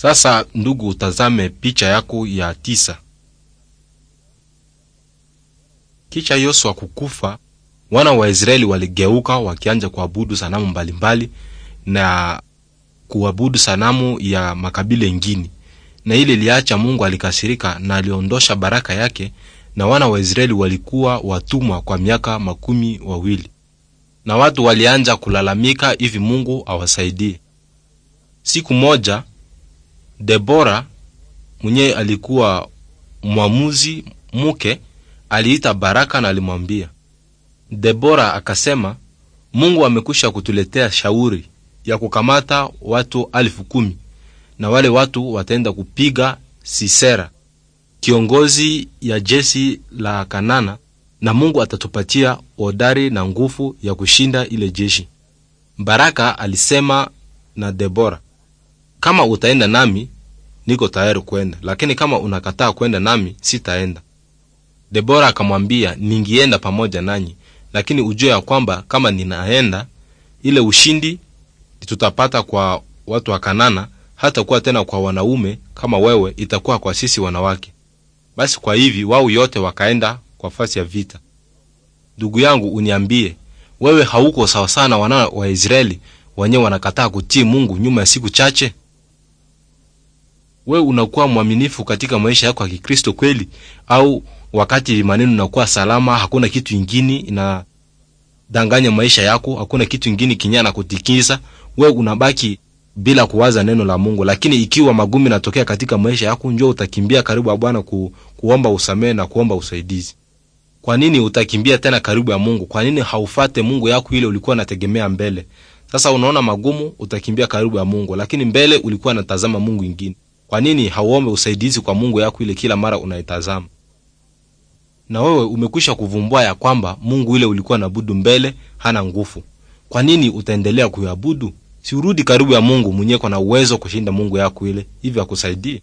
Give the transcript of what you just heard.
Sasa ndugu, utazame picha yako ya tisa. Kisha Yosua kukufa, wana wa Israeli waligeuka wakianja kuabudu sanamu mbalimbali mbali, na kuabudu sanamu ya makabila mengine, na ile iliacha Mungu alikasirika na aliondosha baraka yake, na wana wa Israeli walikuwa watumwa kwa miaka makumi wawili, na watu walianja kulalamika hivi Mungu awasaidie. Siku moja Debora mwenyewe alikuwa mwamuzi muke aliita Baraka na alimwambia. Debora akasema, Mungu amekwisha kutuletea shauri ya kukamata watu elfu kumi na wale watu wataenda kupiga Sisera, kiongozi ya jeshi la Kanana, na Mungu atatupatia odari na nguvu ya kushinda ile jeshi. Baraka alisema na Debora kama utaenda nami niko tayari kwenda, lakini kama unakataa kwenda nami sitaenda. Debora akamwambia, ningienda pamoja nanyi, lakini ujue ya kwamba kama ninaenda, ile ushindi tutapata kwa watu wa Kanana hata kuwa tena kwa wanaume kama wewe, itakuwa kwa sisi wanawake. Basi kwa hivi wao yote wakaenda kwa fasi ya vita. Ndugu yangu, uniambie wewe, hauko sawa sana wana wa Israeli wenyewe wanakataa kutii Mungu nyuma ya siku chache we unakuwa mwaminifu katika maisha yako ya Kikristo kweli, au wakati maneno unakuwa salama, hakuna kitu ingine inadanganya maisha yako, hakuna kitu ingine kinyana na kutikisa, we unabaki bila kuwaza neno la Mungu. Lakini ikiwa magumi natokea katika maisha yako, njoo utakimbia karibu ya Bwana ku, kuomba usamehe na kuomba usaidizi. Kwa nini utakimbia tena karibu ya Mungu? Kwa nini haufate Mungu yako ile ulikuwa unategemea mbele? Sasa unaona magumu, utakimbia karibu ya Mungu, lakini mbele ulikuwa unatazama Mungu ingine. Kwa nini hauombe usaidizi kwa Mungu yako ile kila mara unaitazama? Na wewe umekwisha kuvumbua ya kwamba Mungu ile ulikuwa budu mbele hana nguvu. Kwa nini utaendelea kuyabudu Si urudi karibu ya Mungu mwenyeko na uwezo kushinda Mungu yako ile, hivyo akusaidie.